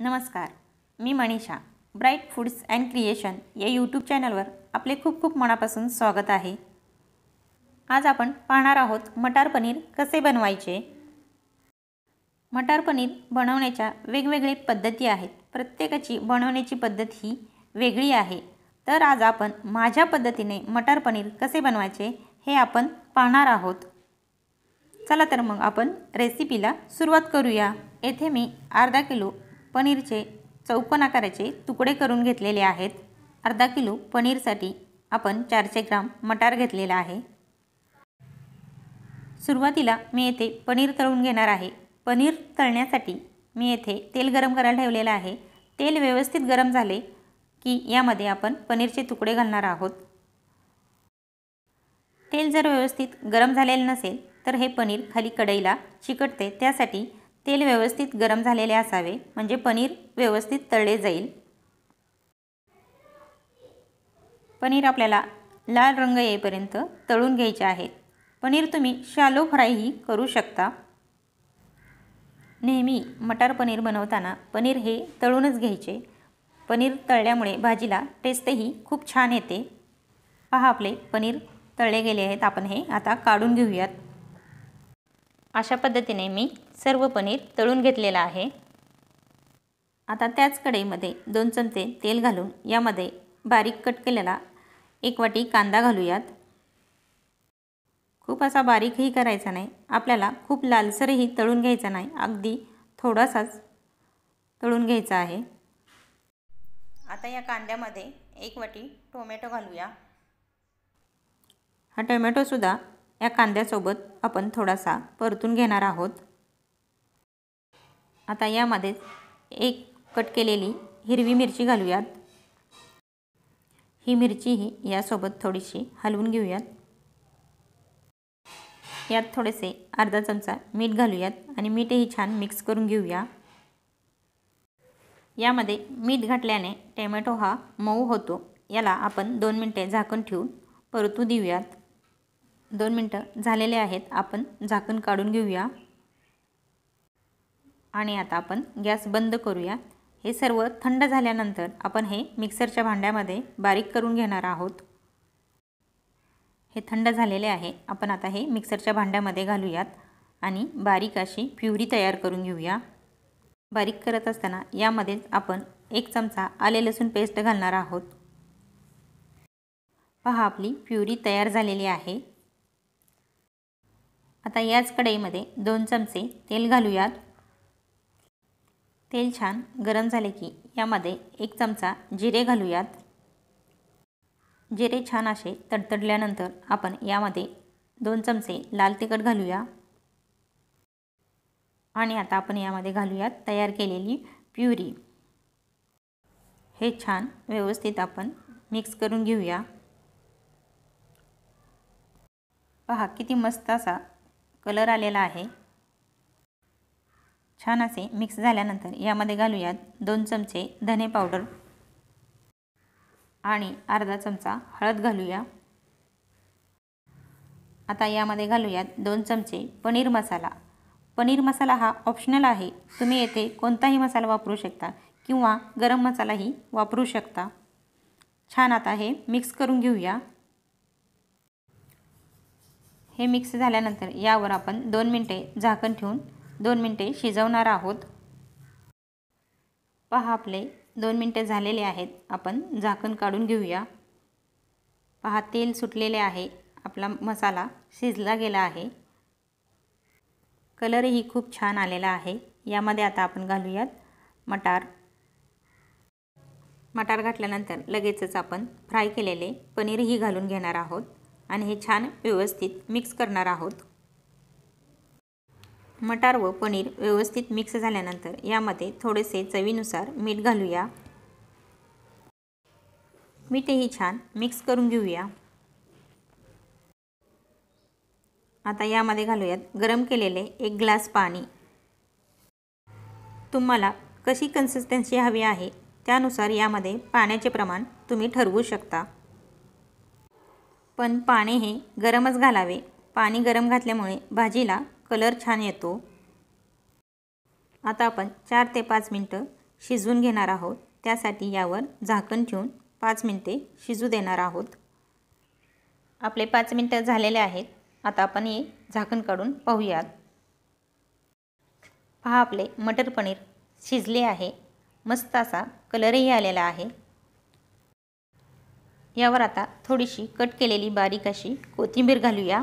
नमस्कार मी Manisha bright foods and creation या यूट्यूब चॅनलवर आपले खूप खूप मनापासून स्वागत आहे आज आपण पाहणार आहोत मटार पनीर कसे बनवायचे मटार पनीर बनवण्याच्या वेगवेगळे पद्धती आहेत प्रत्येकाची बनवण्याची पद्धत ही वेगळी आहे तर आज आपण माझ्या पद्धतीने मटार पनीर कसे बनवायचे हे आपण पाहणार आहोत चला तर मग आपण रेसिपीला सुरुवात करूया येथे मी अर्धा किलो पनीरचे चौकोन आकाराचे तुकडे करून घेतलेले आहेत अर्धा किलो पनीरसाठी आपण चारशे ग्राम मटार घेतलेला आहे सुरुवातीला मी येथे पनीर तळून घेणार आहे पनीर तळण्यासाठी मी येथे तेल गरम करायला ठेवलेलं आहे तेल व्यवस्थित गरम झाले की यामध्ये आपण पनीरचे तुकडे घालणार आहोत तेल जर व्यवस्थित गरम झालेलं नसेल तर हे पनीर खाली कढईला चिकटते त्यासाठी तेल व्यवस्थित गरम झालेले असावे म्हणजे पनीर व्यवस्थित तळले जाईल पनीर आपल्याला लाल रंग येईपर्यंत तळून घ्यायचे आहे पनीर तुम्ही शालो फ्रायही करू शकता नेहमी मटार पनीर बनवताना पनीर हे तळूनच घ्यायचे पनीर तळल्यामुळे भाजीला टेस्टही खूप छान येते पहा आपले पनीर तळले गेले आहेत आपण हे आता काढून घेऊयात अशा पद्धतीने मी सर्व पनीर तळून घेतलेला आहे आता त्याच कढईमध्ये दोन चमचे तेल घालून यामध्ये बारीक कट केलेला एक वाटी कांदा घालूयात खूप असा बारीकही करायचा नाही आपल्याला खूप लालसरही तळून घ्यायचा नाही अगदी थोडासाच तळून घ्यायचा आहे आता या कांद्यामध्ये एक वाटी टोमॅटो घालूया हा टोमॅटोसुद्धा या कांद्यासोबत आपण थोडासा परतून घेणार आहोत आता यामध्ये एक कट केलेली हिरवी मिरची घालूयात ही मिरचीही यासोबत थोडीशी हलवून घेऊयात यात थोडेसे अर्धा चमचा मीठ घालूयात आणि मीठही छान मिक्स करून घेऊया यामध्ये मीठ घातल्याने टॅमॅटो हा मऊ होतो याला आपण दोन मिनटे झाकण ठेवून परतू देऊयात दोन मिनटं झालेले आहेत आपण झाकण काढून घेऊया आणि आता आपण गॅस बंद करूया हे सर्व थंड झाल्यानंतर आपण हे मिक्सरच्या भांड्यामध्ये बारीक करून घेणार आहोत हे थंड झालेले आहे आपण आता हे मिक्सरच्या भांड्यामध्ये घालूयात आणि बारीक अशी प्युरी तयार करून घेऊया बारीक करत असताना यामध्येच आपण एक चमचा आले लसूण पेस्ट घालणार आहोत पहा आपली प्युरी तयार झालेली आहे आता याच कढईमध्ये दोन चमचे तेल घालूयात तेल छान गरम झाले की यामध्ये एक चमचा जिरे घालूयात जिरे छान असे तडतडल्यानंतर आपण यामध्ये दोन चमचे लाल तिखट घालूया आणि आता आपण यामध्ये घालूयात तयार केलेली प्युरी हे छान व्यवस्थित आपण मिक्स करून घेऊया पहा किती मस्त असा कलर आलेला आहे छान असे मिक्स झाल्यानंतर यामध्ये घालूयात दोन चमचे धने पावडर आणि अर्धा चमचा हळद घालूया आता यामध्ये घालूयात दोन चमचे पनीर मसाला पनीर मसाला हा ऑप्शनल आहे तुम्ही येथे कोणताही मसाला वापरू शकता किंवा गरम मसालाही वापरू शकता छान आता हे मिक्स करून घेऊया हे मिक्स झाल्यानंतर यावर आपण दोन मिनटे झाकण ठेवून दोन मिनटे शिजवणार आहोत पहा आपले दोन मिनटे झालेले आहेत आपण झाकण काढून घेऊया पहा तेल सुटलेले आहे आपला मसाला शिजला गेला आहे कलरही खूप छान आलेला आहे यामध्ये आता आपण घालूयात मटार मटार घातल्यानंतर लगेचच आपण फ्राय केलेले पनीरही घालून घेणार आहोत आणि हे छान व्यवस्थित मिक्स करणार आहोत मटार व पनीर व्यवस्थित मिक्स झाल्यानंतर यामध्ये थोडेसे चवीनुसार मीठ घालूया मीठही छान मिक्स करून घेऊया आता यामध्ये घालूयात गरम केलेले एक ग्लास पाणी तुम्हाला कशी कन्सिस्टन्सी हवी आहे त्यानुसार यामध्ये पाण्याचे प्रमाण तुम्ही ठरवू शकता पण पाणी हे गरमच घालावे पाणी गरम घातल्यामुळे भाजीला कलर छान येतो आता आपण चार ते पाच मिनटं शिजवून घेणार आहोत त्यासाठी यावर झाकण ठेवून पाच मिनटे शिजू देणार आहोत आपले पाच मिनटं झालेले आहेत आता आपण हे झाकण काढून पाहूयात पहा आपले मटर पनीर शिजले आहे मस्त असा कलरही आलेला आहे यावर आता थोडीशी कट केलेली बारीक अशी कोथिंबीर घालूया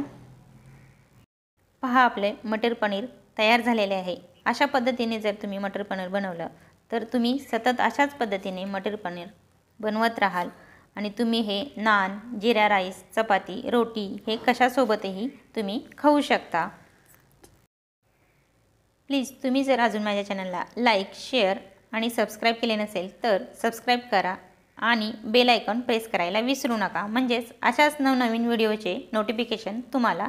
पहा आपले मटर पनीर तयार झालेले आहे अशा पद्धतीने जर तुम्ही मटर पनीर बनवलं तर तुम्ही सतत अशाच पद्धतीने मटर पनीर बनवत राहाल आणि तुम्ही हे नान जिरा राईस चपाती रोटी हे कशासोबतही तुम्ही खाऊ शकता प्लीज तुम्ही जर अजून माझ्या चॅनलला लाईक शेअर आणि सबस्क्राईब केले नसेल तर सबस्क्राईब करा आणि बेल आयकॉन प्रेस करायला विसरू नका म्हणजेच अशाच नवनवीन व्हिडिओचे नोटिफिकेशन तुम्हाला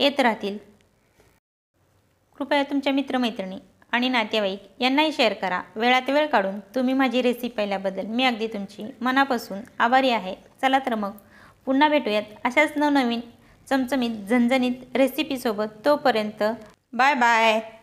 येत राहतील कृपया तुमच्या मित्रमैत्रिणी आणि नातेवाईक यांनाही शेअर करा वेळात वेळ काढून तुम्ही माझी रेसिपी पाहिल्याबद्दल मी अगदी तुमची मनापासून आभारी आहे चला तर मग पुन्हा भेटूयात अशाच नवनवीन चमचमीत झणझणीत रेसिपीसोबत तोपर्यंत बाय बाय